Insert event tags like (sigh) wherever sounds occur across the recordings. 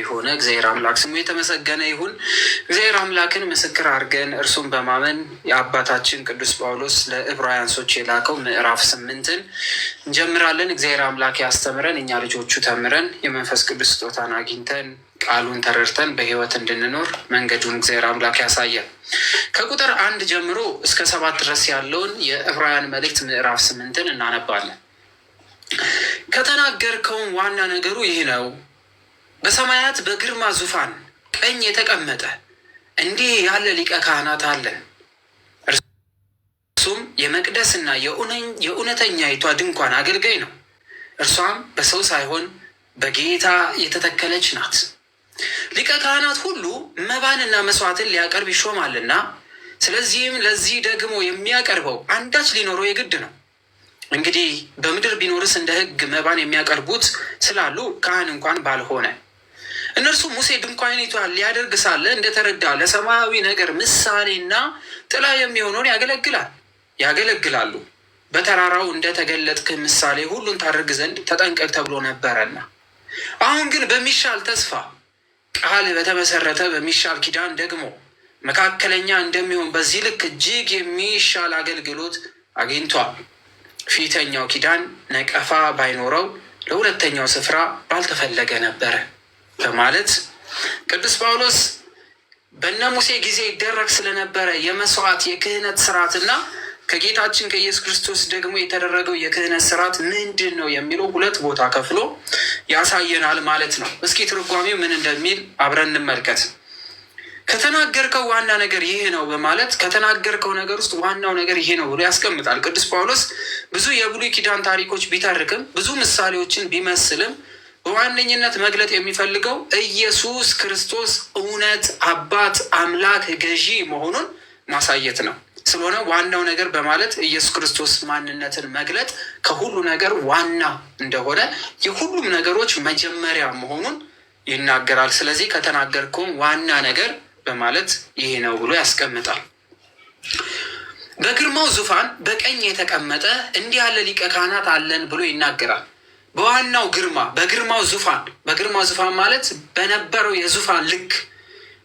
የሆነ እግዚአብሔር አምላክ ስሙ የተመሰገነ ይሁን። እግዚአብሔር አምላክን ምስክር አድርገን እርሱን በማመን የአባታችን ቅዱስ ጳውሎስ ለዕብራውያን የላከው ምዕራፍ ስምንትን እንጀምራለን። እግዚአብሔር አምላክ ያስተምረን፣ እኛ ልጆቹ ተምረን የመንፈስ ቅዱስ ስጦታን አግኝተን ቃሉን ተረድተን በህይወት እንድንኖር መንገዱን እግዚአብሔር አምላክ ያሳያል። ከቁጥር አንድ ጀምሮ እስከ ሰባት ድረስ ያለውን የዕብራውያን መልእክት ምዕራፍ ስምንትን እናነባለን። ከተናገርከውን ዋና ነገሩ ይህ ነው በሰማያት በግርማ ዙፋን ቀኝ የተቀመጠ እንዲህ ያለ ሊቀ ካህናት አለን። እርሱም የመቅደስና የእውነተኛይቷ ድንኳን አገልጋይ ነው። እርሷም በሰው ሳይሆን በጌታ የተተከለች ናት። ሊቀ ካህናት ሁሉ መባንና መስዋዕትን ሊያቀርብ ይሾማልና፣ ስለዚህም ለዚህ ደግሞ የሚያቀርበው አንዳች ሊኖረው የግድ ነው። እንግዲህ በምድር ቢኖርስ እንደ ሕግ መባን የሚያቀርቡት ስላሉ ካህን እንኳን ባልሆነ እነርሱ ሙሴ ድንኳኒቷን ሊያደርግ ሳለ እንደተረዳ ለሰማያዊ ነገር ምሳሌና ጥላ የሚሆነውን ያገለግላል ያገለግላሉ። በተራራው እንደተገለጥክ ምሳሌ ሁሉን ታደርግ ዘንድ ተጠንቀቅ ተብሎ ነበረና፣ አሁን ግን በሚሻል ተስፋ ቃል በተመሰረተ በሚሻል ኪዳን ደግሞ መካከለኛ እንደሚሆን በዚህ ልክ እጅግ የሚሻል አገልግሎት አግኝቷል። ፊተኛው ኪዳን ነቀፋ ባይኖረው ለሁለተኛው ስፍራ ባልተፈለገ ነበረ። በማለት ቅዱስ ጳውሎስ በነ ሙሴ ጊዜ ይደረግ ስለነበረ የመስዋዕት የክህነት ስርዓትና ከጌታችን ከኢየሱስ ክርስቶስ ደግሞ የተደረገው የክህነት ስርዓት ምንድን ነው የሚለው ሁለት ቦታ ከፍሎ ያሳየናል ማለት ነው። እስኪ ትርጓሜው ምን እንደሚል አብረን እንመልከት። ከተናገርከው ዋና ነገር ይሄ ነው በማለት ከተናገርከው ነገር ውስጥ ዋናው ነገር ይሄ ነው ብሎ ያስቀምጣል። ቅዱስ ጳውሎስ ብዙ የብሉይ ኪዳን ታሪኮች ቢተርክም ብዙ ምሳሌዎችን ቢመስልም በዋነኝነት መግለጥ የሚፈልገው ኢየሱስ ክርስቶስ እውነት አባት፣ አምላክ፣ ገዢ መሆኑን ማሳየት ነው። ስለሆነ ዋናው ነገር በማለት ኢየሱስ ክርስቶስ ማንነትን መግለጥ ከሁሉ ነገር ዋና እንደሆነ የሁሉም ነገሮች መጀመሪያ መሆኑን ይናገራል። ስለዚህ ከተናገርከውም ዋና ነገር በማለት ይሄ ነው ብሎ ያስቀምጣል። በግርማው ዙፋን በቀኝ የተቀመጠ እንዲህ ያለ ሊቀ ካህናት አለን ብሎ ይናገራል። በዋናው ግርማ በግርማው ዙፋን በግርማው ዙፋን ማለት በነበረው የዙፋን ልክ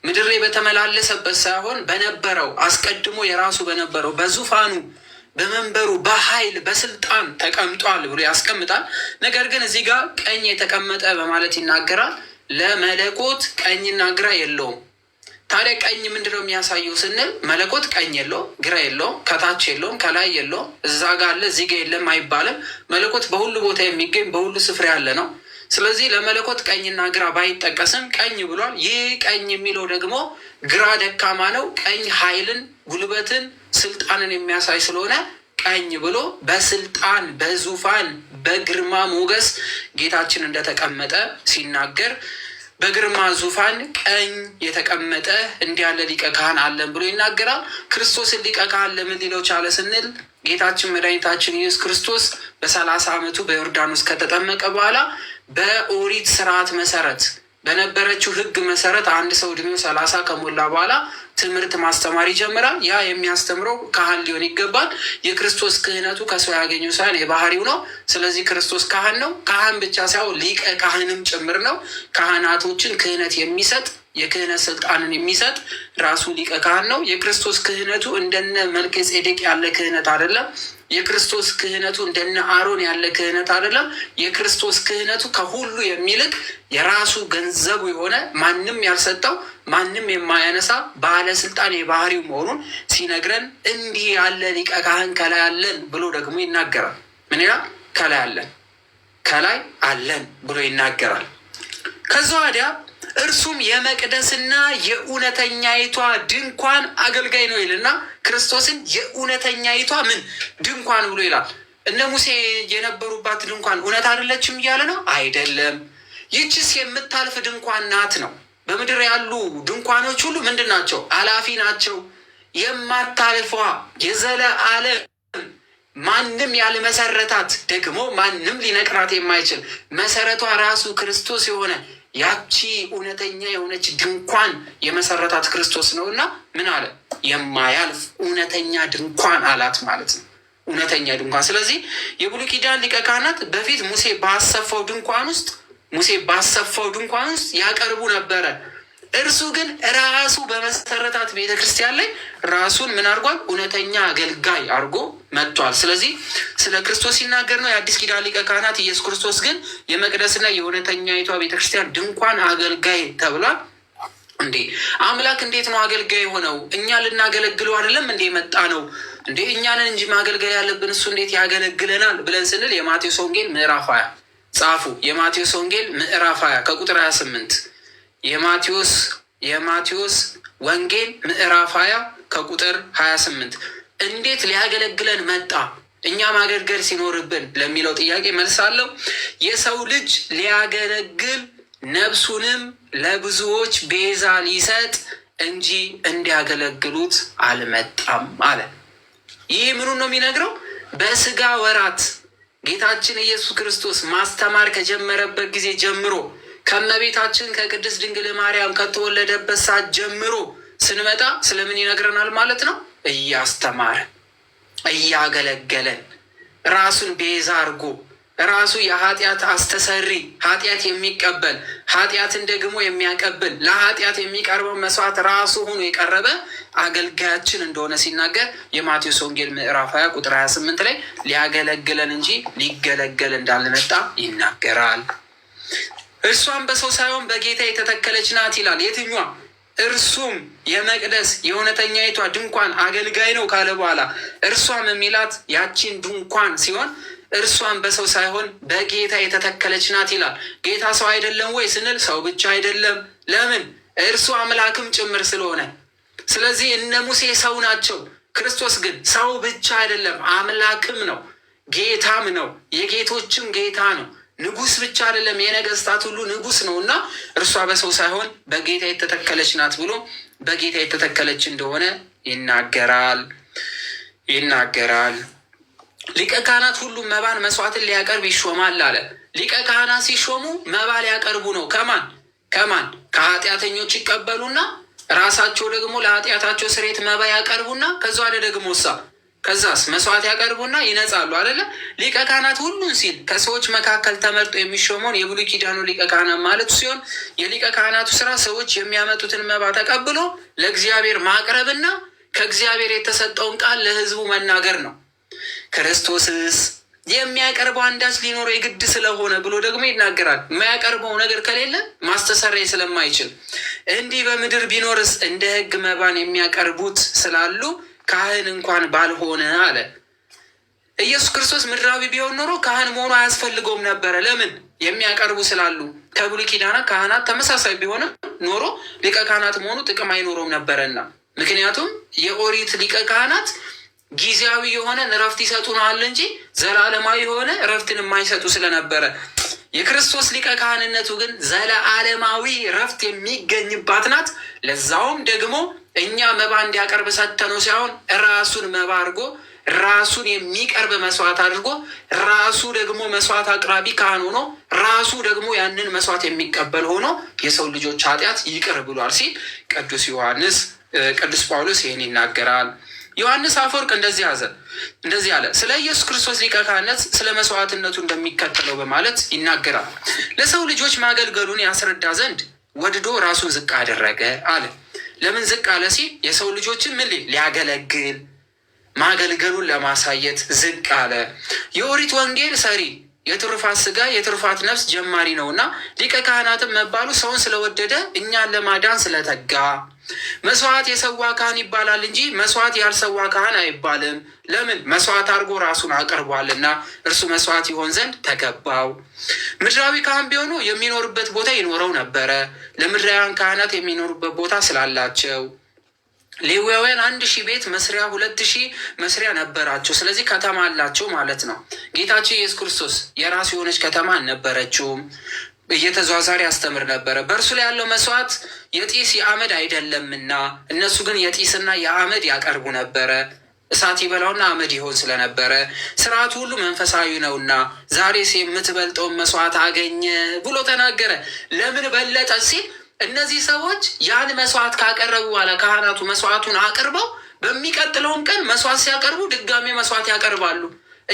ምድር በተመላለሰበት ሳይሆን በነበረው አስቀድሞ የራሱ በነበረው በዙፋኑ በመንበሩ በኃይል በስልጣን ተቀምጧል ብሎ ያስቀምጣል። ነገር ግን እዚህ ጋር ቀኝ የተቀመጠ በማለት ይናገራል። ለመለኮት ቀኝና ግራ የለውም። ታዲያ ቀኝ ምንድነው የሚያሳየው ስንል መለኮት ቀኝ የለውም፣ ግራ የለውም፣ ከታች የለውም፣ ከላይ የለውም፣ እዛ ጋ አለ እዚህ ጋ የለም አይባልም። መለኮት በሁሉ ቦታ የሚገኝ በሁሉ ስፍራ ያለ ነው። ስለዚህ ለመለኮት ቀኝና ግራ ባይጠቀስም ቀኝ ብሏል። ይህ ቀኝ የሚለው ደግሞ ግራ ደካማ ነው። ቀኝ ኃይልን፣ ጉልበትን፣ ስልጣንን የሚያሳይ ስለሆነ ቀኝ ብሎ በስልጣን በዙፋን በግርማ ሞገስ ጌታችን እንደተቀመጠ ሲናገር በግርማ ዙፋን ቀኝ የተቀመጠ እንዲህ ያለ ሊቀ ካህን አለን ብሎ ይናገራል። ክርስቶስን ሊቀ ካህን ለምን ሊለው ቻለ ስንል ጌታችን መድኃኒታችን ኢየሱስ ክርስቶስ በሰላሳ ዓመቱ በዮርዳኖስ ከተጠመቀ በኋላ በኦሪት ስርዓት መሰረት በነበረችው ህግ መሰረት አንድ ሰው እድሜው ሰላሳ ከሞላ በኋላ ትምህርት ማስተማር ይጀምራል። ያ የሚያስተምረው ካህን ሊሆን ይገባል። የክርስቶስ ክህነቱ ከሰው ያገኘው ሳይሆን የባህሪው ነው። ስለዚህ ክርስቶስ ካህን ነው። ካህን ብቻ ሳይሆን ሊቀ ካህንም ጭምር ነው። ካህናቶችን ክህነት የሚሰጥ የክህነት ስልጣንን የሚሰጥ ራሱ ሊቀ ካህን ነው። የክርስቶስ ክህነቱ እንደነ መልከ ጼዴቅ ያለ ክህነት አይደለም። የክርስቶስ ክህነቱ እንደነ አሮን ያለ ክህነት አይደለም። የክርስቶስ ክህነቱ ከሁሉ የሚልቅ የራሱ ገንዘቡ የሆነ ማንም ያልሰጠው ማንም የማያነሳ ባለስልጣን የባህሪው መሆኑን ሲነግረን እንዲህ ያለ ሊቀ ካህን ከላይ አለን ብሎ ደግሞ ይናገራል። ምን ይላል? ከላይ አለን ከላይ አለን ብሎ ይናገራል። ከዛ ወዲያ እርሱም የመቅደስና የእውነተኛይቷ ድንኳን አገልጋይ ነው ይልና ክርስቶስን የእውነተኛይቷ ምን ድንኳን ብሎ ይላል። እነ ሙሴ የነበሩባት ድንኳን እውነት አይደለችም እያለ ነው አይደለም። ይችስ የምታልፍ ድንኳን ናት ነው። በምድር ያሉ ድንኳኖች ሁሉ ምንድን ናቸው? አላፊ ናቸው። የማታልፏ አለ ማንም ያልመሰረታት ደግሞ ማንም ሊነቅራት የማይችል መሰረቷ ራሱ ክርስቶስ የሆነ ያቺ እውነተኛ የሆነች ድንኳን የመሰረታት ክርስቶስ ነው እና ምን አለ የማያልፍ እውነተኛ ድንኳን አላት ማለት ነው። እውነተኛ ድንኳን። ስለዚህ የብሉይ ኪዳን ሊቀ ካህናት በፊት ሙሴ ባሰፋው ድንኳን ውስጥ ሙሴ ባሰፋው ድንኳን ውስጥ ያቀርቡ ነበረ እርሱ ግን ራሱ በመሰረታት ቤተ ክርስቲያን ላይ ራሱን ምን አድርጓል? እውነተኛ አገልጋይ አድርጎ መጥቷል። ስለዚህ ስለ ክርስቶስ ሲናገር ነው የአዲስ ኪዳን ሊቀ ካህናት ኢየሱስ ክርስቶስ ግን የመቅደስና የእውነተኛይቷ ቤተ ክርስቲያን ድንኳን አገልጋይ ተብሏል። እንዴ አምላክ እንዴት ነው አገልጋይ የሆነው? እኛ ልናገለግለው አይደለም እንዴ መጣ ነው እንዴ እኛንን እንጂ ማገልገል ያለብን እሱ እንዴት ያገለግለናል ብለን ስንል የማቴዎስ ወንጌል ምዕራፍ ሀያ ጻፉ። የማቴዎስ ወንጌል ምዕራፍ ሀያ ከቁጥር ሀያ ስምንት የማቴዎስ የማቴዎስ ወንጌል ምዕራፍ 20 ከቁጥር 28 እንዴት ሊያገለግለን መጣ እኛ ማገልገል ሲኖርብን ለሚለው ጥያቄ መልስ አለው። የሰው ልጅ ሊያገለግል ነፍሱንም ለብዙዎች ቤዛ ሊሰጥ እንጂ እንዲያገለግሉት አልመጣም አለ። ይህ ምኑ ነው የሚነግረው? በስጋ ወራት ጌታችን ኢየሱስ ክርስቶስ ማስተማር ከጀመረበት ጊዜ ጀምሮ ከእመቤታችን ከቅድስት ድንግል ማርያም ከተወለደበት ሰዓት ጀምሮ ስንመጣ ስለምን ይነግረናል ማለት ነው? እያስተማረን እያገለገለን ራሱን ቤዛ አርጎ ራሱ የኃጢአት አስተሰሪ ኃጢአት የሚቀበል ኃጢአትን ደግሞ የሚያቀብል ለኃጢአት የሚቀርበው መስዋዕት ራሱ ሆኖ የቀረበ አገልጋያችን እንደሆነ ሲናገር የማቴዎስ ወንጌል ምዕራፍ 20 ቁጥር 28 ላይ ሊያገለግለን እንጂ ሊገለገል እንዳልመጣ ይናገራል። እርሷን በሰው ሳይሆን በጌታ የተተከለች ናት ይላል። የትኛ እርሱም የመቅደስ የእውነተኛይቷ ድንኳን አገልጋይ ነው ካለ በኋላ እርሷም የሚላት ያቺን ድንኳን ሲሆን እርሷን በሰው ሳይሆን በጌታ የተተከለች ናት ይላል። ጌታ ሰው አይደለም ወይ ስንል ሰው ብቻ አይደለም። ለምን? እርሱ አምላክም ጭምር ስለሆነ። ስለዚህ እነ ሙሴ ሰው ናቸው። ክርስቶስ ግን ሰው ብቻ አይደለም፣ አምላክም ነው፣ ጌታም ነው፣ የጌቶችም ጌታ ነው። ንጉስ ብቻ አይደለም የነገስታት ሁሉ ንጉስ ነው እና እርሷ በሰው ሳይሆን በጌታ የተተከለች ናት ብሎ በጌታ የተተከለች እንደሆነ ይናገራል ይናገራል። ሊቀ ካህናት ሁሉም መባን መስዋዕትን ሊያቀርብ ይሾማል አለ። ሊቀ ካህናት ሲሾሙ መባ ሊያቀርቡ ነው። ከማን ከማን? ከኃጢአተኞች ይቀበሉና ራሳቸው ደግሞ ለኃጢአታቸው ስሬት መባ ያቀርቡና ከዛ ደግሞ ሳ ከዛስ መስዋዕት ያቀርቡና ይነጻሉ አይደለ? ሊቀ ካህናት ሁሉን ሲል ከሰዎች መካከል ተመርጦ የሚሾመውን የብሉይ ኪዳኑ ሊቀ ካህናት ማለቱ ሲሆን የሊቀ ካህናቱ ስራ ሰዎች የሚያመጡትን መባ ተቀብሎ ለእግዚአብሔር ማቅረብና ከእግዚአብሔር የተሰጠውን ቃል ለሕዝቡ መናገር ነው። ክርስቶስስ የሚያቀርበው አንዳች ሊኖረው የግድ ስለሆነ ብሎ ደግሞ ይናገራል። የሚያቀርበው ነገር ከሌለ ማስተሰረይ ስለማይችል እንዲህ በምድር ቢኖርስ እንደ ሕግ መባን የሚያቀርቡት ስላሉ ካህን እንኳን ባልሆነ አለ። ኢየሱስ ክርስቶስ ምድራዊ ቢሆን ኖሮ ካህን መሆኑ አያስፈልገውም ነበረ። ለምን የሚያቀርቡ ስላሉ። ከብሉይ ኪዳና ካህናት ተመሳሳይ ቢሆንም ኖሮ ሊቀ ካህናት መሆኑ ጥቅም አይኖረውም ነበረና ምክንያቱም የኦሪት ሊቀ ካህናት ጊዜያዊ የሆነ እረፍት ይሰጡናል እንጂ ዘላለማዊ የሆነ እረፍትን የማይሰጡ ስለነበረ የክርስቶስ ሊቀ ካህንነቱ ግን ዘለዓለማዊ እረፍት የሚገኝባት ናት። ለዛውም ደግሞ እኛ መባ እንዲያቀርብ ነው ሳይሆን ራሱን መባ አድርጎ ራሱን የሚቀርብ መስዋዕት አድርጎ ራሱ ደግሞ መስዋዕት አቅራቢ ካህን ሆኖ ራሱ ደግሞ ያንን መስዋዕት የሚቀበል ሆኖ የሰው ልጆች ኃጢአት ይቅር ብሏል ሲል ቅዱስ ዮሐንስ ቅዱስ ጳውሎስ ይህን ይናገራል። ዮሐንስ አፈወርቅ እንደዚህ ያዘ እንደዚህ አለ። ስለ ኢየሱስ ክርስቶስ ሊቀ ካህነት ስለ መስዋዕትነቱ እንደሚከተለው በማለት ይናገራል። ለሰው ልጆች ማገልገሉን ያስረዳ ዘንድ ወድዶ ራሱን ዝቅ አደረገ አለ። ለምን ዝቅ አለ ሲል የሰው ልጆችን ምን ሊያገለግል ማገልገሉን ለማሳየት ዝቅ አለ። የኦሪት ወንጌል ሰሪ የትሩፋት ስጋ የትሩፋት ነፍስ ጀማሪ ነውና ሊቀ ካህናትም መባሉ ሰውን ስለወደደ እኛን ለማዳን ስለተጋ መስዋዕት የሰዋ ካህን ይባላል እንጂ መስዋዕት ያልሰዋ ካህን አይባልም። ለምን? መስዋዕት አድርጎ ራሱን አቅርቧልና እርሱ መስዋዕት ይሆን ዘንድ ተገባው። ምድራዊ ካህን ቢሆኑ የሚኖርበት ቦታ ይኖረው ነበረ። ለምድራውያን ካህናት የሚኖሩበት ቦታ ስላላቸው ሌዋውያን አንድ ሺህ ቤት መስሪያ ሁለት ሺህ መስሪያ ነበራቸው። ስለዚህ ከተማ አላቸው ማለት ነው። ጌታችን ኢየሱስ ክርስቶስ የራሱ የሆነች ከተማ አልነበረችውም። እየተዟዟሪ ያስተምር ነበረ። በእርሱ ላይ ያለው መስዋዕት የጢስ የአመድ አይደለምና እነሱ ግን የጢስና የአመድ ያቀርቡ ነበረ። እሳት ይበላውና አመድ ይሆን ስለነበረ ስርዓቱ ሁሉ መንፈሳዊ ነውና፣ ዛሬስ የምትበልጠውን መስዋዕት አገኘ ብሎ ተናገረ። ለምን በለጠ ሲል እነዚህ ሰዎች ያን መስዋዕት ካቀረቡ በኋላ ካህናቱ መስዋዕቱን አቅርበው በሚቀጥለውም ቀን መስዋዕት ሲያቀርቡ ድጋሜ መስዋዕት ያቀርባሉ።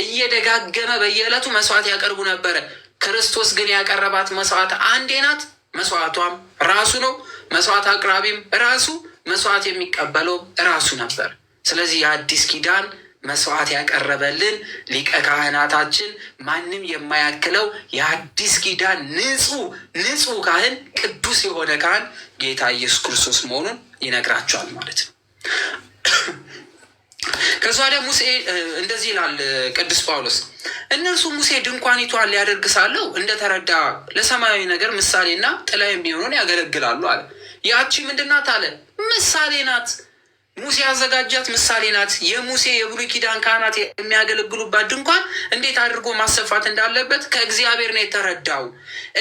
እየደጋገመ በየዕለቱ መስዋዕት ያቀርቡ ነበረ። ክርስቶስ ግን ያቀረባት መስዋዕት አንዴ ናት። መስዋዕቷም ራሱ ነው። መስዋዕት አቅራቢም ራሱ፣ መስዋዕት የሚቀበለው ራሱ ነበር። ስለዚህ የአዲስ ኪዳን መስዋዕት ያቀረበልን ሊቀ ካህናታችን ማንም የማያክለው የአዲስ ኪዳን ንጹህ ንጹህ ካህን ቅዱስ የሆነ ካህን ጌታ ኢየሱስ ክርስቶስ መሆኑን ይነግራቸዋል ማለት ነው። ከዛ ደግሞ ሙሴ እንደዚህ ይላል ቅዱስ ጳውሎስ፣ እነርሱ ሙሴ ድንኳኒቷን ሊያደርግ ሳለው እንደተረዳ ለሰማያዊ ነገር ምሳሌና ጥላ የሚሆኑን ያገለግላሉ አለ። ያቺ ምንድናት አለ? ምሳሌ ናት። ሙሴ ያዘጋጃት ምሳሌ ናት። የሙሴ የብሉይ ኪዳን ካህናት የሚያገለግሉባት ድንኳን እንዴት አድርጎ ማሰፋት እንዳለበት ከእግዚአብሔር ነው የተረዳው።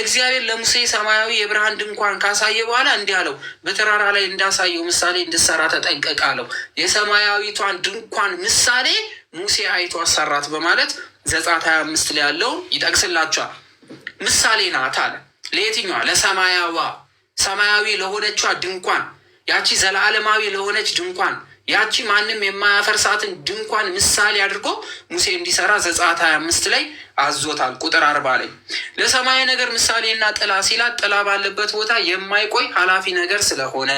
እግዚአብሔር ለሙሴ ሰማያዊ የብርሃን ድንኳን ካሳየ በኋላ እንዲህ አለው፣ በተራራ ላይ እንዳሳየው ምሳሌ እንድሰራ ተጠንቀቅ አለው። የሰማያዊቷን ድንኳን ምሳሌ ሙሴ አይቶ አሰራት በማለት ዘጸአት ሀያ አምስት ላይ ያለው ይጠቅስላቸዋል። ምሳሌ ናት አለ። ለየትኛዋ? ለሰማያዋ ሰማያዊ ለሆነቿ ድንኳን ያቺ ዘላለማዊ ለሆነች ድንኳን ያቺ ማንም የማያፈርሳትን ድንኳን ምሳሌ አድርጎ ሙሴ እንዲሰራ ዘጸአት ሀያ አምስት ላይ አዞታል። ቁጥር አርባ ላይ ለሰማያዊ ነገር ምሳሌና ጥላ ሲላት ጥላ ባለበት ቦታ የማይቆይ ኃላፊ ነገር ስለሆነ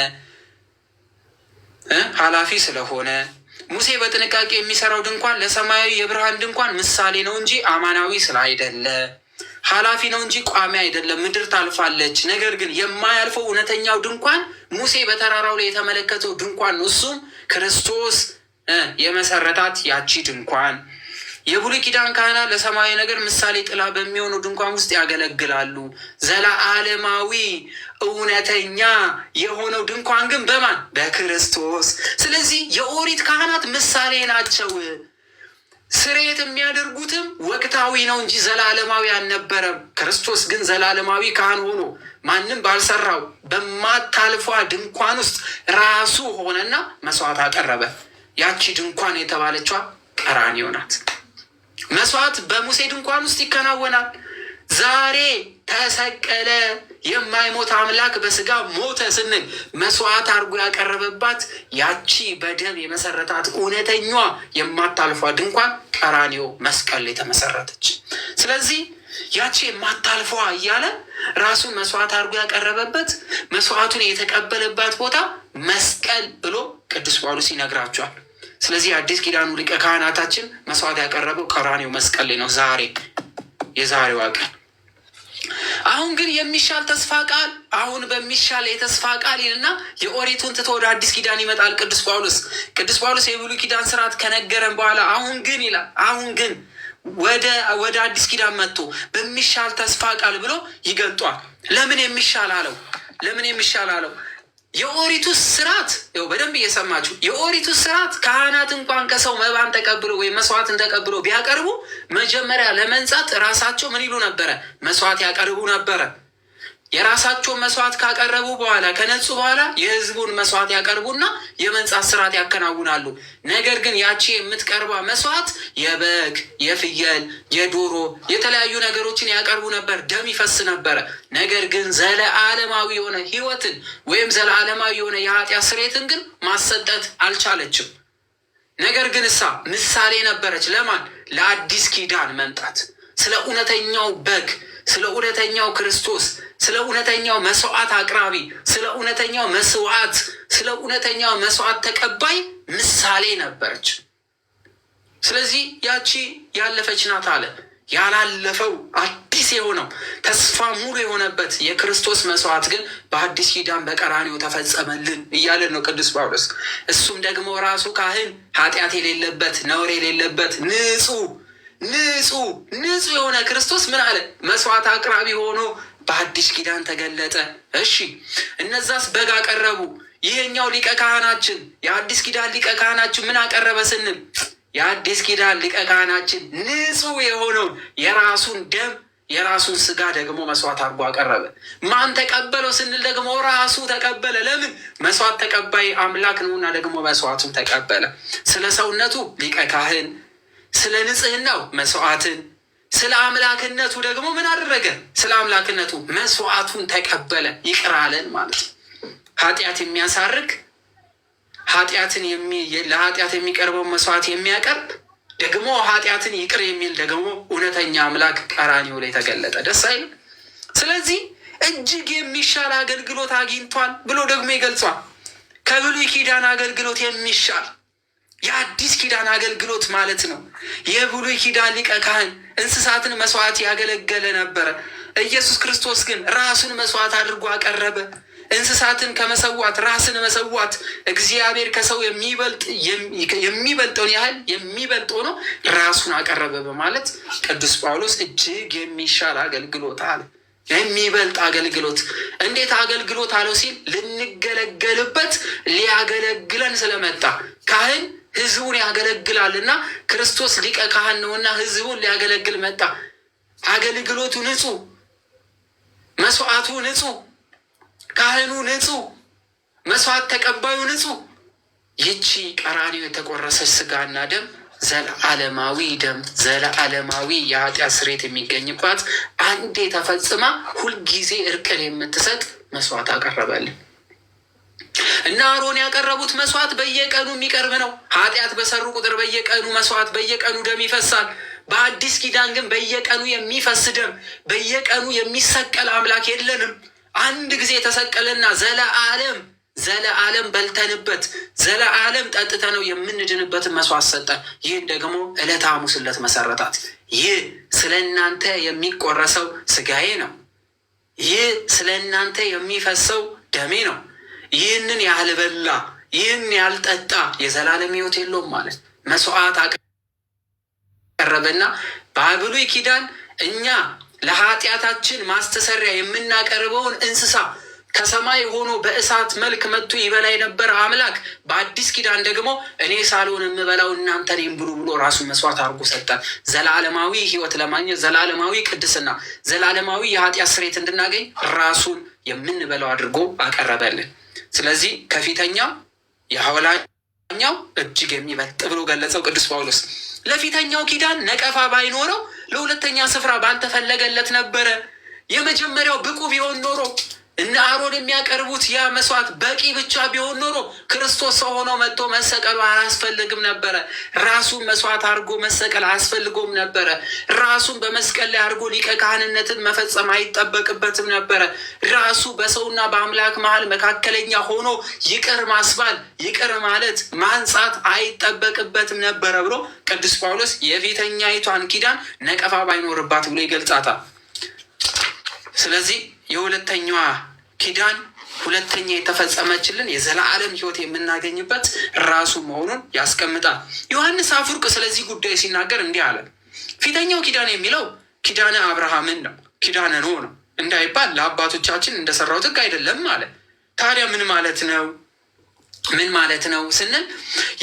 ኃላፊ ስለሆነ ሙሴ በጥንቃቄ የሚሰራው ድንኳን ለሰማያዊ የብርሃን ድንኳን ምሳሌ ነው እንጂ አማናዊ ስለ አይደለ ኃላፊ ነው እንጂ ቋሚ አይደለም። ምድር ታልፋለች፣ ነገር ግን የማያልፈው እውነተኛው ድንኳን ሙሴ በተራራው ላይ የተመለከተው ድንኳን ነው። እሱም ክርስቶስ የመሰረታት ያቺ ድንኳን። የብሉይ ኪዳን ካህናት ለሰማያዊ ነገር ምሳሌ ጥላ በሚሆኑ ድንኳን ውስጥ ያገለግላሉ። አለማዊ እውነተኛ የሆነው ድንኳን ግን በማን በክርስቶስ። ስለዚህ የኦሪት ካህናት ምሳሌ ናቸው። ስርየት የሚያደርጉትም ወቅታዊ ነው እንጂ ዘላለማዊ አልነበረም። ክርስቶስ ግን ዘላለማዊ ካህን ሆኖ ማንም ባልሰራው በማታልፏ ድንኳን ውስጥ ራሱ ሆነና መስዋዕት አቀረበ። ያቺ ድንኳን የተባለችዋ ቀራንዮ ናት። መስዋዕት በሙሴ ድንኳን ውስጥ ይከናወናል ዛሬ ተሰቀለ። የማይሞት አምላክ በስጋ ሞተ ስንል መስዋዕት አድርጎ ያቀረበባት ያቺ በደም የመሰረታት እውነተኛ የማታልፏ ድንኳን ቀራኒዮ መስቀል የተመሰረተች። ስለዚህ ያቺ የማታልፏ እያለ ራሱን መስዋዕት አድርጎ ያቀረበበት መስዋዕቱን የተቀበለባት ቦታ መስቀል ብሎ ቅዱስ ጳውሎስ ይነግራቸዋል። ስለዚህ አዲስ ኪዳኑ ሊቀ ካህናታችን መስዋዕት ያቀረበው ቀራንዮ መስቀል ነው። ዛሬ የዛሬዋ ቀን አሁን ግን የሚሻል ተስፋ ቃል አሁን በሚሻል የተስፋ ቃል ይልና የኦሪቱን ትቶ ወደ አዲስ ኪዳን ይመጣል ቅዱስ ጳውሎስ። ቅዱስ ጳውሎስ የብሉይ ኪዳን ስርዓት ከነገረን በኋላ አሁን ግን ይላል አሁን ግን ወደ አዲስ ኪዳን መጥቶ በሚሻል ተስፋ ቃል ብሎ ይገልጧል። ለምን የሚሻል አለው? ለምን የሚሻል አለው? የኦሪቱ ስርዓት ው በደንብ እየሰማችሁ የኦሪቱ ስርዓት ካህናት እንኳን ከሰው መባን ተቀብሎ ወይም መስዋዕትን ተቀብሎ ቢያቀርቡ መጀመሪያ ለመንጻት ራሳቸው ምን ይሉ ነበረ? መስዋዕት ያቀርቡ ነበረ። የራሳቸውን መስዋዕት ካቀረቡ በኋላ ከነጹ በኋላ የህዝቡን መስዋዕት ያቀርቡና የመንጻት ስርዓት ያከናውናሉ። ነገር ግን ያቺ የምትቀርባ መስዋዕት የበግ፣ የፍየል፣ የዶሮ የተለያዩ ነገሮችን ያቀርቡ ነበር፣ ደም ይፈስ ነበረ። ነገር ግን ዘለዓለማዊ የሆነ ህይወትን ወይም ዘለዓለማዊ የሆነ የኃጢአት ስሬትን ግን ማሰጠት አልቻለችም። ነገር ግን እሳ ምሳሌ ነበረች ለማን ለአዲስ ኪዳን መምጣት ስለ እውነተኛው በግ ስለ እውነተኛው ክርስቶስ ስለ እውነተኛው መስዋዕት አቅራቢ፣ ስለ እውነተኛው መስዋዕት፣ ስለ እውነተኛው መስዋዕት ተቀባይ ምሳሌ ነበረች። ስለዚህ ያቺ ያለፈች ናት አለ። ያላለፈው አዲስ የሆነው ተስፋ ሙሉ የሆነበት የክርስቶስ መስዋዕት ግን በአዲስ ኪዳን በቀራኒው ተፈጸመልን እያለን ነው ቅዱስ ጳውሎስ። እሱም ደግሞ ራሱ ካህን ኃጢአት የሌለበት ነውር የሌለበት ንጹሕ ንጹሕ ንጹሕ የሆነ ክርስቶስ ምን አለ መስዋዕት አቅራቢ ሆኖ በአዲስ ኪዳን ተገለጠ። እሺ እነዛስ በግ አቀረቡ። ይሄኛው ሊቀ ካህናችን የአዲስ ኪዳን ሊቀ ካህናችን ምን አቀረበ ስንል የአዲስ ኪዳን ሊቀ ካህናችን ንጹህ የሆነውን የራሱን ደም የራሱን ስጋ ደግሞ መስዋዕት አድርጎ አቀረበ። ማን ተቀበለው ስንል ደግሞ ራሱ ተቀበለ። ለምን መስዋዕት ተቀባይ አምላክ ነውና ደግሞ መስዋዕቱን ተቀበለ። ስለ ሰውነቱ ሊቀ ካህን፣ ስለ ንጽህናው መስዋዕትን ስለ አምላክነቱ ደግሞ ምን አደረገ? ስለ አምላክነቱ መስዋዕቱን ተቀበለ። ይቅር አለን ማለት ነው። ኃጢአት የሚያሳርግ ኃጢአትን ለኃጢአት የሚቀርበው መስዋዕት የሚያቀርብ ደግሞ ኃጢአትን ይቅር የሚል ደግሞ እውነተኛ አምላክ ቀራኒው ላይ ተገለጠ። ደስ አይልም? ስለዚህ እጅግ የሚሻል አገልግሎት አግኝቷል ብሎ ደግሞ ይገልጿል። ከብሉይ ኪዳን አገልግሎት የሚሻል የአዲስ ኪዳን አገልግሎት ማለት ነው። የብሉይ ኪዳን ሊቀ ካህን እንስሳትን መስዋዕት ያገለገለ ነበረ። ኢየሱስ ክርስቶስ ግን ራሱን መስዋዕት አድርጎ አቀረበ። እንስሳትን ከመሰዋት ራስን መሰዋት እግዚአብሔር ከሰው የሚበልጠውን ያህል የሚበልጥ ሆኖ ራሱን አቀረበ በማለት ቅዱስ ጳውሎስ እጅግ የሚሻል አገልግሎት አለ። የሚበልጥ አገልግሎት እንዴት አገልግሎት አለው ሲል ልንገለገልበት ሊያገለግለን ስለመጣ ካህን ህዝቡን ያገለግላል እና ክርስቶስ ሊቀ ካህን ነውና ህዝቡን ሊያገለግል መጣ። አገልግሎቱ ንጹህ፣ መስዋዕቱ ንጹህ፣ ካህኑ ንጹህ፣ መስዋዕት ተቀባዩ ንጹህ። ይቺ ቀራኒው የተቆረሰች ስጋና ደም ዘለዓለማዊ ደም ዘለዓለማዊ የኃጢአት ስሬት የሚገኝባት አንዴ ተፈጽማ ሁልጊዜ እርቅን የምትሰጥ መስዋዕት አቀረበልን። እና አሮን ያቀረቡት መስዋዕት በየቀኑ የሚቀርብ ነው። ኃጢአት በሰሩ ቁጥር በየቀኑ መስዋዕት፣ በየቀኑ ደም ይፈሳል። በአዲስ ኪዳን ግን በየቀኑ የሚፈስ ደም፣ በየቀኑ የሚሰቀል አምላክ የለንም። አንድ ጊዜ የተሰቀለና ዘለዓለም ዘለዓለም በልተንበት ዘለዓለም ጠጥተ ነው የምንድንበትን መስዋዕት ሰጠ። ይህን ደግሞ ዕለተ ሐሙስ ዕለት መሰረታት። ይህ ስለ እናንተ የሚቆረሰው ስጋዬ ነው። ይህ ስለ እናንተ የሚፈሰው ደሜ ነው። ይህንን ያልበላ ይህን ያልጠጣ የዘላለም ሕይወት የለውም ማለት መስዋዕት አቀረበና በብሉይ ኪዳን እኛ ለኃጢአታችን ማስተሰሪያ የምናቀርበውን እንስሳ ከሰማይ ሆኖ በእሳት መልክ መጥቶ ይበላ የነበረ አምላክ በአዲስ ኪዳን ደግሞ እኔ ሳልሆን የምበላው እናንተ እኔን ብሉ ብሎ ራሱን መስዋዕት አድርጎ ሰጠን። ዘላለማዊ ህይወት ለማግኘት ዘላለማዊ ቅድስና፣ ዘላለማዊ የኃጢአት ስሬት እንድናገኝ ራሱን የምንበላው አድርጎ አቀረበልን። ስለዚህ ከፊተኛው የሐዋላኛው እጅግ የሚበልጥ ብሎ ገለጸው ቅዱስ ጳውሎስ። ለፊተኛው ኪዳን ነቀፋ ባይኖረው ለሁለተኛ ስፍራ ባልተፈለገለት ነበረ። የመጀመሪያው ብቁ ቢሆን ኖሮ እነ አሮን የሚያቀርቡት ያ መስዋዕት በቂ ብቻ ቢሆን ኖሮ ክርስቶስ ሰው ሆኖ መጥቶ መሰቀሉ አያስፈልግም ነበረ። ራሱን መስዋዕት አድርጎ መሰቀል አስፈልጎም ነበረ። ራሱን በመስቀል ላይ አድርጎ ሊቀ ካህንነትን መፈጸም አይጠበቅበትም ነበረ። ራሱ በሰውና በአምላክ መሀል መካከለኛ ሆኖ ይቅር ማስባል፣ ይቅር ማለት፣ ማንጻት አይጠበቅበትም ነበረ ብሎ ቅዱስ ጳውሎስ የፊተኛይቷን ኪዳን ነቀፋ ባይኖርባት ብሎ ይገልጻታል። ስለዚህ የሁለተኛዋ ኪዳን ሁለተኛ የተፈጸመችልን የዘላለም ህይወት የምናገኝበት ራሱ መሆኑን ያስቀምጣል። ዮሐንስ አፈወርቅ ስለዚህ ጉዳይ ሲናገር እንዲህ አለ። ፊተኛው ኪዳን የሚለው ኪዳነ አብርሃምን ነው፣ ኪዳነ ኖ ነው እንዳይባል ለአባቶቻችን እንደሰራው ጥግ አይደለም አለ። ታዲያ ምን ማለት ነው? ምን ማለት ነው ስንል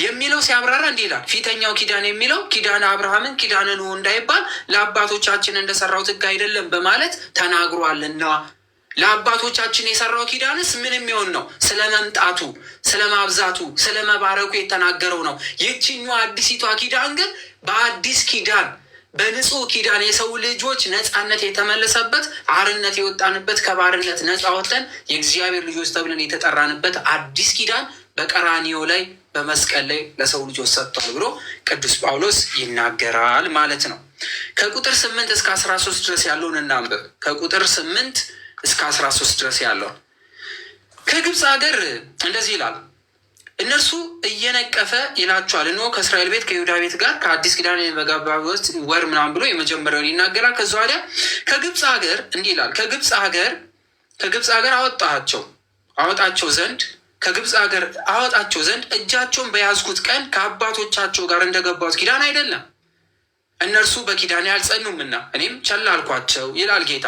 የሚለው ሲያብራራ እንዲህ ይላል። ፊተኛው ኪዳን የሚለው ኪዳን አብርሃምን ኪዳን ኑ እንዳይባል ለአባቶቻችን እንደሰራው ሕግ አይደለም በማለት ተናግሯልና ለአባቶቻችን የሰራው ኪዳንስ ምን የሚሆን ነው? ስለ መምጣቱ፣ ስለ ማብዛቱ፣ ስለ መባረኩ የተናገረው ነው። ይችኛዋ አዲሲቷ ኪዳን ግን በአዲስ ኪዳን በንጹህ ኪዳን የሰው ልጆች ነፃነት የተመለሰበት አርነት የወጣንበት ከባርነት ነፃ ወጥተን የእግዚአብሔር ልጆች ተብለን የተጠራንበት አዲስ ኪዳን በቀራኒዮ ላይ በመስቀል ላይ ለሰው ልጆች ሰጥቷል ብሎ ቅዱስ ጳውሎስ ይናገራል ማለት ነው። ከቁጥር ስምንት እስከ አስራ ሶስት ድረስ ያለውን እናንብብ። ከቁጥር ስምንት እስከ አስራ ሶስት ድረስ ያለውን ከግብፅ ሀገር እንደዚህ ይላል እነርሱ እየነቀፈ ይላቸዋል። እነሆ ከእስራኤል ቤት ከይሁዳ ቤት ጋር ከአዲስ ኪዳን ውስጥ ወር ምናምን ብሎ የመጀመሪያውን ይናገራል። ከዚ ዋዲያ ከግብፅ ሀገር እንዲህ ይላል ከግብፅ ሀገር ከግብፅ ሀገር አወጣቸው አወጣቸው ዘንድ ከግብፅ ሀገር አወጣቸው ዘንድ እጃቸውን በያዝኩት ቀን ከአባቶቻቸው ጋር እንደገባሁት ኪዳን አይደለም እነርሱ በኪዳኔ አልጸኑምና እኔም ቸላልኳቸው ይላል ጌታ።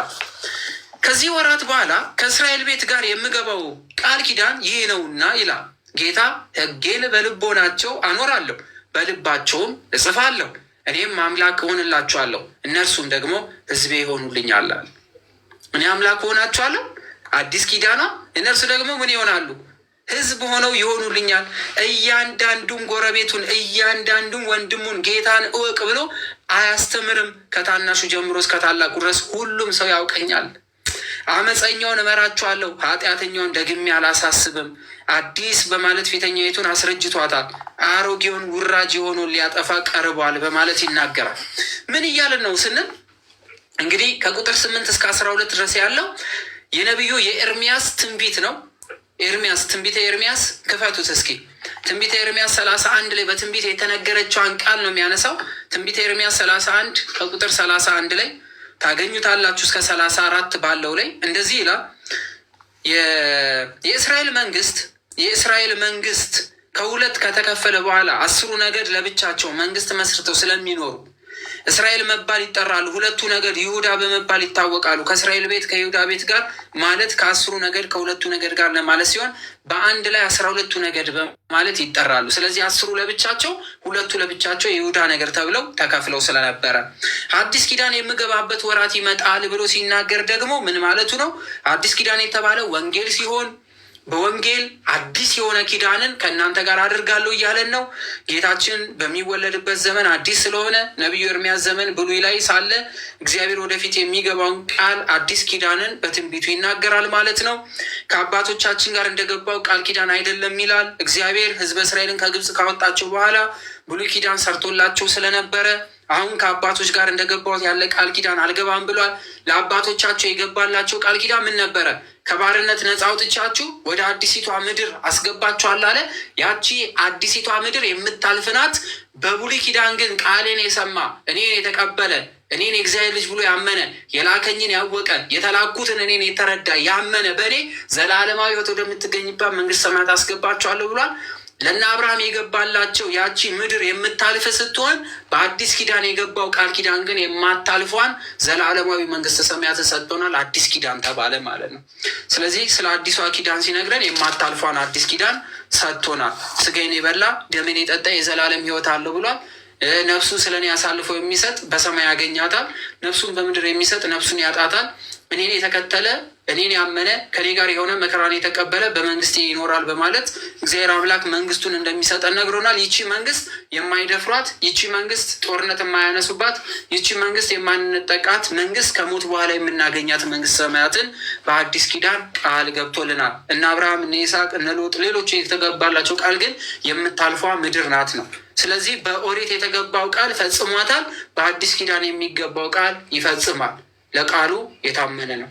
ከዚህ ወራት በኋላ ከእስራኤል ቤት ጋር የምገባው ቃል ኪዳን ይህ ነውና ይላል ጌታ፣ ሕጌን በልቦናቸው አኖራለሁ፣ በልባቸውም እጽፋለሁ። እኔም አምላክ እሆንላችኋለሁ፣ እነርሱም ደግሞ ሕዝቤ ይሆኑልኛል። እኔ አምላክ እሆናችኋለሁ፣ አዲስ ኪዳኗ እነርሱ ደግሞ ምን ይሆናሉ? ህዝብ ሆነው ይሆኑልኛል። እያንዳንዱም ጎረቤቱን እያንዳንዱም ወንድሙን ጌታን እወቅ ብሎ አያስተምርም። ከታናሹ ጀምሮ እስከ ታላቁ ድረስ ሁሉም ሰው ያውቀኛል። አመፀኛውን እመራችኋለሁ፣ ኃጢአተኛውን ደግሜ አላሳስብም። አዲስ በማለት ፊተኛይቱን አስረጅቷታል። አሮጌውን ውራጅ የሆኑ ሊያጠፋ ቀርቧል በማለት ይናገራል። ምን እያልን ነው ስንል እንግዲህ ከቁጥር ስምንት እስከ አስራ ሁለት ድረስ ያለው የነቢዩ የኤርሚያስ ትንቢት ነው። ኤርሚያስ ትንቢተ ኤርሚያስ ክፈቱት እስኪ። ትንቢተ ኤርሚያስ ሰላሳ አንድ ላይ በትንቢት የተነገረችዋን ቃል ነው የሚያነሳው። ትንቢተ ኤርሚያስ ሰላሳ አንድ ከቁጥር ሰላሳ አንድ ላይ ታገኙታላችሁ እስከ ሰላሳ አራት ባለው ላይ እንደዚህ ይላል። የእስራኤል መንግስት የእስራኤል መንግስት ከሁለት ከተከፈለ በኋላ አስሩ ነገድ ለብቻቸው መንግስት መስርተው ስለሚኖሩ እስራኤል መባል ይጠራሉ። ሁለቱ ነገድ ይሁዳ በመባል ይታወቃሉ። ከእስራኤል ቤት ከይሁዳ ቤት ጋር ማለት ከአስሩ ነገድ ከሁለቱ ነገድ ጋር ለማለት ሲሆን በአንድ ላይ አስራ ሁለቱ ነገድ በማለት ይጠራሉ። ስለዚህ አስሩ ለብቻቸው፣ ሁለቱ ለብቻቸው የይሁዳ ነገድ ተብለው ተከፍለው ስለነበረ አዲስ ኪዳን የምገባበት ወራት ይመጣል ብሎ ሲናገር ደግሞ ምን ማለቱ ነው? አዲስ ኪዳን የተባለ ወንጌል ሲሆን በወንጌል አዲስ የሆነ ኪዳንን ከእናንተ ጋር አድርጋለሁ እያለን ነው። ጌታችን በሚወለድበት ዘመን አዲስ ስለሆነ ነቢዩ ኤርምያስ ዘመን ብሉይ ላይ ሳለ እግዚአብሔር ወደፊት የሚገባውን ቃል አዲስ ኪዳንን በትንቢቱ ይናገራል ማለት ነው። ከአባቶቻችን ጋር እንደገባው ቃል ኪዳን አይደለም ይላል። እግዚአብሔር ህዝበ እስራኤልን ከግብፅ ካወጣቸው በኋላ ብሉይ ኪዳን ሰርቶላቸው ስለነበረ አሁን ከአባቶች ጋር እንደገባሁት ያለ ቃል ኪዳን አልገባም ብሏል። ለአባቶቻቸው የገባላቸው ቃል ኪዳን ምን ነበረ? ከባርነት ነፃ አውጥቻችሁ ወደ አዲሲቷ ምድር አስገባችኋል አለ። ያቺ አዲሲቷ ምድር የምታልፍናት ናት። በብሉይ ኪዳን ግን ቃሌን የሰማ እኔን የተቀበለ እኔን የእግዚአብሔር ልጅ ብሎ ያመነ የላከኝን ያወቀ የተላኩትን እኔን የተረዳ ያመነ በእኔ ዘላለማዊ ሕይወት ወደምትገኝባት መንግስት ሰማያት አስገባችኋለሁ ብሏል። ለእነ አብርሃም የገባላቸው ያቺ ምድር የምታልፍ ስትሆን በአዲስ ኪዳን የገባው ቃል ኪዳን ግን የማታልፏን ዘላለማዊ መንግስተ ሰማያት ሰጥቶናል። አዲስ ኪዳን ተባለ ማለት ነው። ስለዚህ ስለ አዲሷ ኪዳን ሲነግረን የማታልፏን አዲስ ኪዳን ሰጥቶናል። ስጋዬን የበላ ደሜን የጠጣ የዘላለም ህይወት አለው ብሏል። ነፍሱን ስለ እኔ አሳልፎ የሚሰጥ በሰማይ ያገኛታል። ነፍሱን በምድር የሚሰጥ ነፍሱን ያጣታል። እኔን የተከተለ እኔን ያመነ ከኔ ጋር የሆነ መከራን የተቀበለ በመንግስት ይኖራል በማለት እግዚአብሔር አምላክ መንግስቱን እንደሚሰጠን ነግሮናል። ይቺ መንግስት የማይደፍሯት፣ ይቺ መንግስት ጦርነት የማያነሱባት፣ ይቺ መንግስት የማንጠቃት መንግስት ከሞት በኋላ የምናገኛት መንግስት ሰማያትን በአዲስ ኪዳን ቃል ገብቶልናል። እነ አብርሃም፣ እነ ይስሐቅ፣ እነ ሎጥ ሌሎች የተገባላቸው ቃል ግን የምታልፏ ምድር ናት ነው። ስለዚህ በኦሪት የተገባው ቃል ፈጽሟታል። በአዲስ ኪዳን የሚገባው ቃል ይፈጽማል። ለቃሉ የታመነ ነው።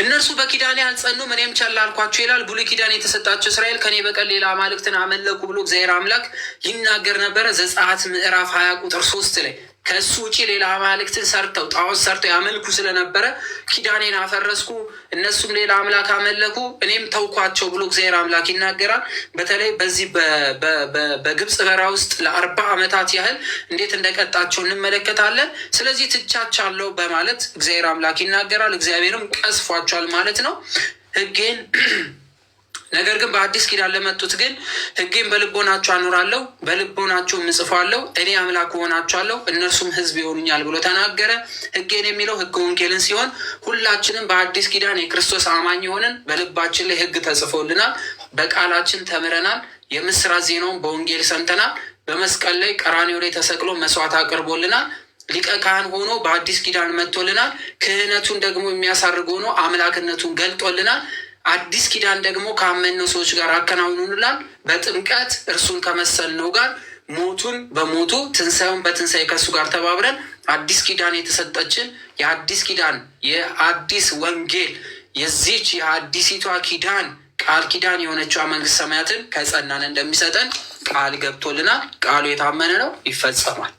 እነርሱ በኪዳኔ አልጸኑም፣ እኔም ቸል አልኳቸው ይላል። ብሉይ ኪዳን የተሰጣቸው እስራኤል ከኔ በቀር ሌላ አማልክትን አመለኩ ብሎ እግዚአብሔር አምላክ ይናገር ነበረ። ዘጸአት ምዕራፍ ሀያ ቁጥር ሶስት ላይ ከእሱ ውጪ ሌላ አማልክትን ሰርተው ጣዖት ሰርተው ያመልኩ ስለነበረ ኪዳኔን አፈረስኩ፣ እነሱም ሌላ አምላክ አመለኩ፣ እኔም ተውኳቸው ብሎ እግዚአብሔር አምላክ ይናገራል። በተለይ በዚህ በግብፅ በራ ውስጥ ለአርባ ዓመታት ያህል እንዴት እንደቀጣቸው እንመለከታለን። ስለዚህ ትቻቻለሁ በማለት እግዚአብሔር አምላክ ይናገራል። እግዚአብሔርም ቀስፏቸዋል ማለት ነው ህጌን (clears throat) ነገር ግን በአዲስ ኪዳን ለመጡት ግን ሕጌን በልቦናችሁ አኖራለሁ፣ በልቦናቸው እጽፈዋለሁ፣ እኔ አምላክ እሆናችኋለሁ፣ እነርሱም ሕዝብ ይሆኑኛል ብሎ ተናገረ። ሕጌን የሚለው ሕገ ወንጌልን ሲሆን ሁላችንም በአዲስ ኪዳን የክርስቶስ አማኝ የሆንን በልባችን ላይ ሕግ ተጽፎልናል። በቃላችን ተምረናል። የምስራ ዜናውን በወንጌል ሰምተናል። በመስቀል ላይ ቀራንዮ ላይ ተሰቅሎ መስዋዕት አቅርቦልናል። ሊቀ ካህን ሆኖ በአዲስ ኪዳን መጥቶልናል። ክህነቱን ደግሞ የሚያሳርግ ሆኖ አምላክነቱን ገልጦልናል። አዲስ ኪዳን ደግሞ ካመንነው ሰዎች ጋር አከናውኑልናል። በጥምቀት እርሱን ከመሰልነው ጋር ሞቱን በሞቱ ትንሣኤውን በትንሣኤ ከእሱ ጋር ተባብረን አዲስ ኪዳን የተሰጠችን የአዲስ ኪዳን የአዲስ ወንጌል የዚች የአዲሲቷ ኪዳን ቃል ኪዳን የሆነችዋ መንግስት ሰማያትን ከጸናን እንደሚሰጠን ቃል ገብቶልናል። ቃሉ የታመነ ነው፣ ይፈጸማል።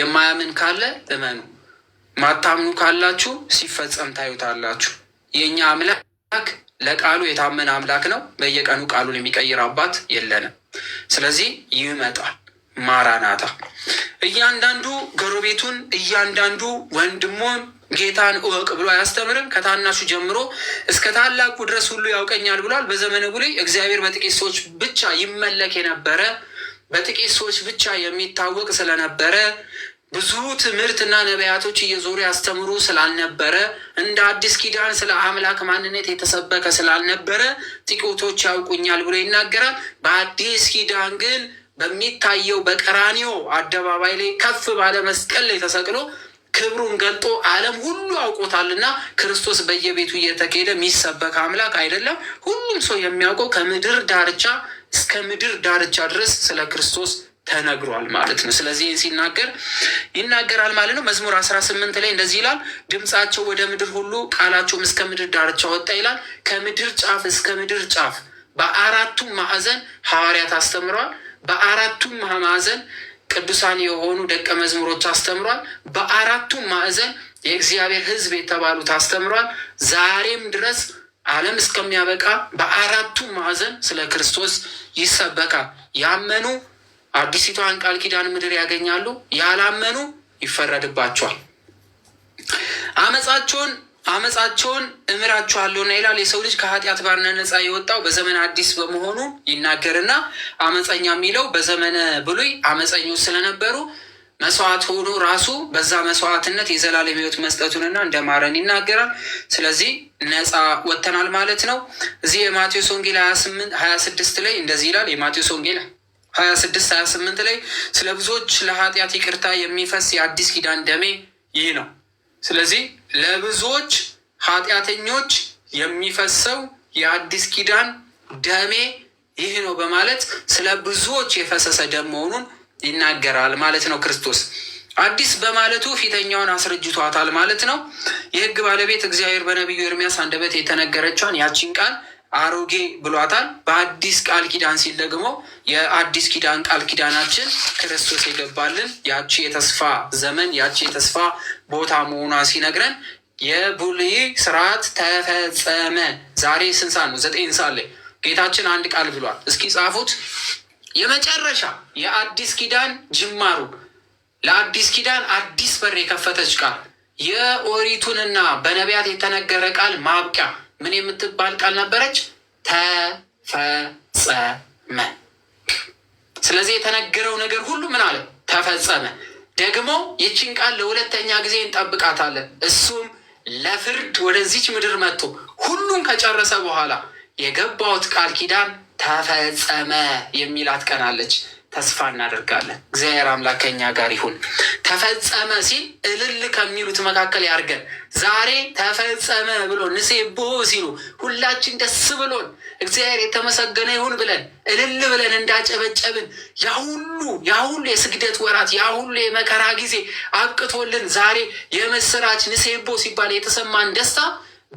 የማያምን ካለ እመኑ፣ ማታምኑ ካላችሁ ሲፈጸም ታዩታላችሁ። የእኛ አምላክ ለቃሉ የታመነ አምላክ ነው። በየቀኑ ቃሉን የሚቀይር አባት የለንም። ስለዚህ ይመጣል። ማራናታ እያንዳንዱ ጎረቤቱን እያንዳንዱ ወንድሙን ጌታን እወቅ ብሎ አያስተምርም። ከታናሹ ጀምሮ እስከ ታላቁ ድረስ ሁሉ ያውቀኛል ብሏል። በዘመነ ቡሌ እግዚአብሔር በጥቂት ሰዎች ብቻ ይመለክ የነበረ በጥቂት ሰዎች ብቻ የሚታወቅ ስለነበረ ብዙ ትምህርትና ነቢያቶች እየዞሩ ያስተምሩ ስላልነበረ እንደ አዲስ ኪዳን ስለ አምላክ ማንነት የተሰበከ ስላልነበረ ጥቂቶች ያውቁኛል ብሎ ይናገራል። በአዲስ ኪዳን ግን በሚታየው በቀራኒዮ አደባባይ ላይ ከፍ ባለ መስቀል ላይ ተሰቅሎ ክብሩን ገልጦ ዓለም ሁሉ አውቆታልና ክርስቶስ በየቤቱ እየተካሄደ የሚሰበክ አምላክ አይደለም። ሁሉም ሰው የሚያውቀው ከምድር ዳርቻ እስከ ምድር ዳርቻ ድረስ ስለ ክርስቶስ ተነግሯል ማለት ነው። ስለዚህ ይህን ሲናገር ይናገራል ማለት ነው። መዝሙር አስራ ስምንት ላይ እንደዚህ ይላል፣ ድምፃቸው ወደ ምድር ሁሉ ቃላቸውም እስከ ምድር ዳርቻ ወጣ ይላል። ከምድር ጫፍ እስከ ምድር ጫፍ በአራቱም ማዕዘን ሐዋርያት አስተምረዋል። በአራቱም ማዕዘን ቅዱሳን የሆኑ ደቀ መዝሙሮች አስተምሯል። በአራቱም ማዕዘን የእግዚአብሔር ሕዝብ የተባሉት አስተምሯል። ዛሬም ድረስ ዓለም እስከሚያበቃ በአራቱም ማዕዘን ስለ ክርስቶስ ይሰበካል። ያመኑ አዲሲቷን ቃል ኪዳን ምድር ያገኛሉ። ያላመኑ ይፈረድባቸዋል። አመፃቸውን አመፃቸውን እምራችኋለሁና ይላል። የሰው ልጅ ከኃጢአት ባርነት ነፃ የወጣው በዘመነ አዲስ በመሆኑ ይናገርና አመፀኛ የሚለው በዘመነ ብሉይ አመፀኞች ስለነበሩ መስዋዕት ሆኖ ራሱ በዛ መስዋዕትነት የዘላለም ሕይወት መስጠቱንና እንደ ማረን ይናገራል። ስለዚህ ነፃ ወጥተናል ማለት ነው። እዚህ የማቴዎስ ወንጌል ሀያ ስድስት ላይ እንደዚህ ይላል። የማቴዎስ ወንጌል ሀያ ስድስት ሀያ ስምንት ላይ ስለ ብዙዎች ለኃጢአት ይቅርታ የሚፈስ የአዲስ ኪዳን ደሜ ይህ ነው። ስለዚህ ለብዙዎች ኃጢአተኞች የሚፈሰው የአዲስ ኪዳን ደሜ ይህ ነው በማለት ስለ ብዙዎች የፈሰሰ ደም መሆኑን ይናገራል ማለት ነው። ክርስቶስ አዲስ በማለቱ ፊተኛውን አስረጅቷታል ማለት ነው። የህግ ባለቤት እግዚአብሔር በነቢዩ ኤርሚያስ አንደበት የተነገረችውን ያቺን ቃል አሮጌ ብሏታል። በአዲስ ቃል ኪዳን ሲል ደግሞ የአዲስ ኪዳን ቃል ኪዳናችን ክርስቶስ የገባልን ያቺ የተስፋ ዘመን ያቺ የተስፋ ቦታ መሆኗ ሲነግረን የብሉይ ስርዓት ተፈጸመ። ዛሬ ስንት ሰዓት ነው? ዘጠኝ ሰዓት ላይ ጌታችን አንድ ቃል ብሏል። እስኪ ጻፉት። የመጨረሻ የአዲስ ኪዳን ጅማሩ ለአዲስ ኪዳን አዲስ በር የከፈተች ቃል የኦሪቱንና በነቢያት የተነገረ ቃል ማብቂያ ምን የምትባል ቃል ነበረች? ተፈጸመ። ስለዚህ የተነገረው ነገር ሁሉ ምን አለ? ተፈጸመ። ደግሞ ይችን ቃል ለሁለተኛ ጊዜ እንጠብቃታለን። እሱም ለፍርድ ወደዚች ምድር መጥቶ ሁሉም ከጨረሰ በኋላ የገባሁት ቃል ኪዳን ተፈጸመ የሚላት ቀናለች። ተስፋ እናደርጋለን። እግዚአብሔር አምላክ ከኛ ጋር ይሁን። ተፈጸመ ሲል እልል ከሚሉት መካከል ያርገን። ዛሬ ተፈጸመ ብሎ ንሴብሖ ሲሉ ሁላችን ደስ ብሎን እግዚአብሔር የተመሰገነ ይሁን ብለን እልል ብለን እንዳጨበጨብን ያ ሁሉ ያ ሁሉ የስግደት ወራት ያ ሁሉ የመከራ ጊዜ አቅቶልን ዛሬ የምስራች ቦ ሲባል የተሰማን ደስታ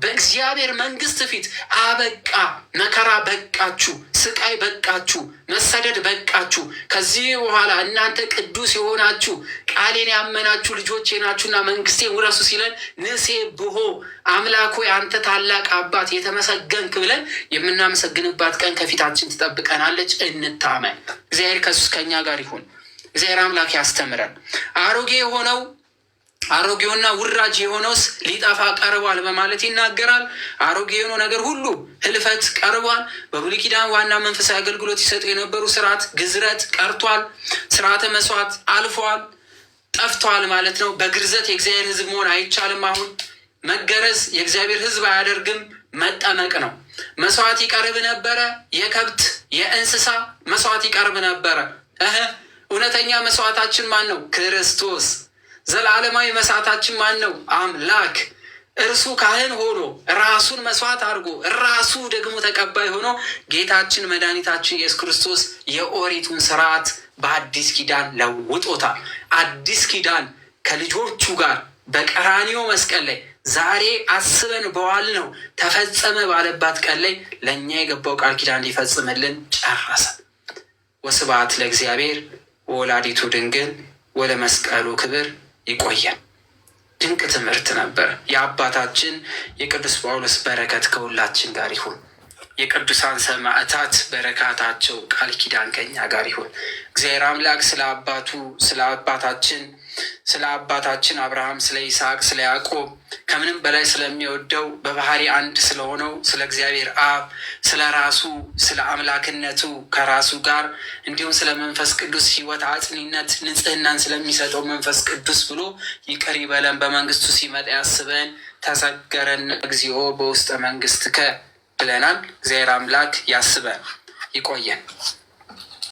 በእግዚአብሔር መንግስት ፊት አበቃ። መከራ በቃችሁ፣ ስቃይ በቃችሁ፣ መሰደድ በቃችሁ። ከዚህ በኋላ እናንተ ቅዱስ የሆናችሁ ቃሌን ያመናችሁ ልጆቼ ናችሁና መንግስቴን ውረሱ ሲለን ንሴ ብሆ አምላኮ አንተ ታላቅ አባት የተመሰገንክ ብለን የምናመሰግንባት ቀን ከፊታችን ትጠብቀናለች። እንታመን። እግዚአብሔር ከሱስ ከኛ ጋር ይሁን። እግዚአብሔር አምላክ ያስተምረን። አሮጌ የሆነው አሮጌውና ውራጅ የሆነውስ ሊጠፋ ቀርቧል በማለት ይናገራል። አሮጌ የሆነው ነገር ሁሉ ህልፈት ቀርቧል። በብሉይ ኪዳን ዋና መንፈሳዊ አገልግሎት ሲሰጡ የነበሩ ስርዓት ግዝረት ቀርቷል። ስርዓተ መስዋዕት አልፏል፣ ጠፍቷል ማለት ነው። በግርዘት የእግዚአብሔር ህዝብ መሆን አይቻልም። አሁን መገረዝ የእግዚአብሔር ህዝብ አያደርግም፣ መጠመቅ ነው። መስዋዕት ይቀርብ ነበረ፣ የከብት የእንስሳ መስዋዕት ይቀርብ ነበረ። እህ እውነተኛ መስዋዕታችን ማን ነው? ክርስቶስ ዘላለማዊ መስዋዕታችን ማን ነው? አምላክ እርሱ ካህን ሆኖ ራሱን መስዋዕት አድርጎ ራሱ ደግሞ ተቀባይ ሆኖ ጌታችን መድኃኒታችን ኢየሱስ ክርስቶስ የኦሪቱን ስርዓት በአዲስ ኪዳን ለውጦታል። አዲስ ኪዳን ከልጆቹ ጋር በቀራኒዮ መስቀል ላይ ዛሬ አስበን በዋል ነው ተፈጸመ ባለባት ቀን ላይ ለእኛ የገባው ቃል ኪዳን ሊፈጽምልን ጨረሰ። ወስብሐት ለእግዚአብሔር ወላዲቱ ድንግል ወለመስቀሉ ክብር ይቆያል ድንቅ ትምህርት ነበር። የአባታችን የቅዱስ ጳውሎስ በረከት ከሁላችን ጋር ይሁን። የቅዱሳን ሰማዕታት በረካታቸው ቃል ኪዳን ከኛ ጋር ይሁን። እግዚአብሔር አምላክ ስለ አባቱ ስለ አባታችን ስለ አባታችን አብርሃም፣ ስለ ይስሐቅ፣ ስለ ያዕቆብ ከምንም በላይ ስለሚወደው በባህሪ አንድ ስለሆነው ስለ እግዚአብሔር አብ፣ ስለ ራሱ፣ ስለ አምላክነቱ ከራሱ ጋር እንዲሁም ስለ መንፈስ ቅዱስ ሕይወት አጽኒነት ንጽህናን ስለሚሰጠው መንፈስ ቅዱስ ብሎ ይቅር ይበለን፣ በመንግስቱ ሲመጣ ያስበን። ተሰገረን እግዚኦ በውስጠ ከ ብለናል። እግዚአብሔር አምላክ ያስበን፣ ይቆየን።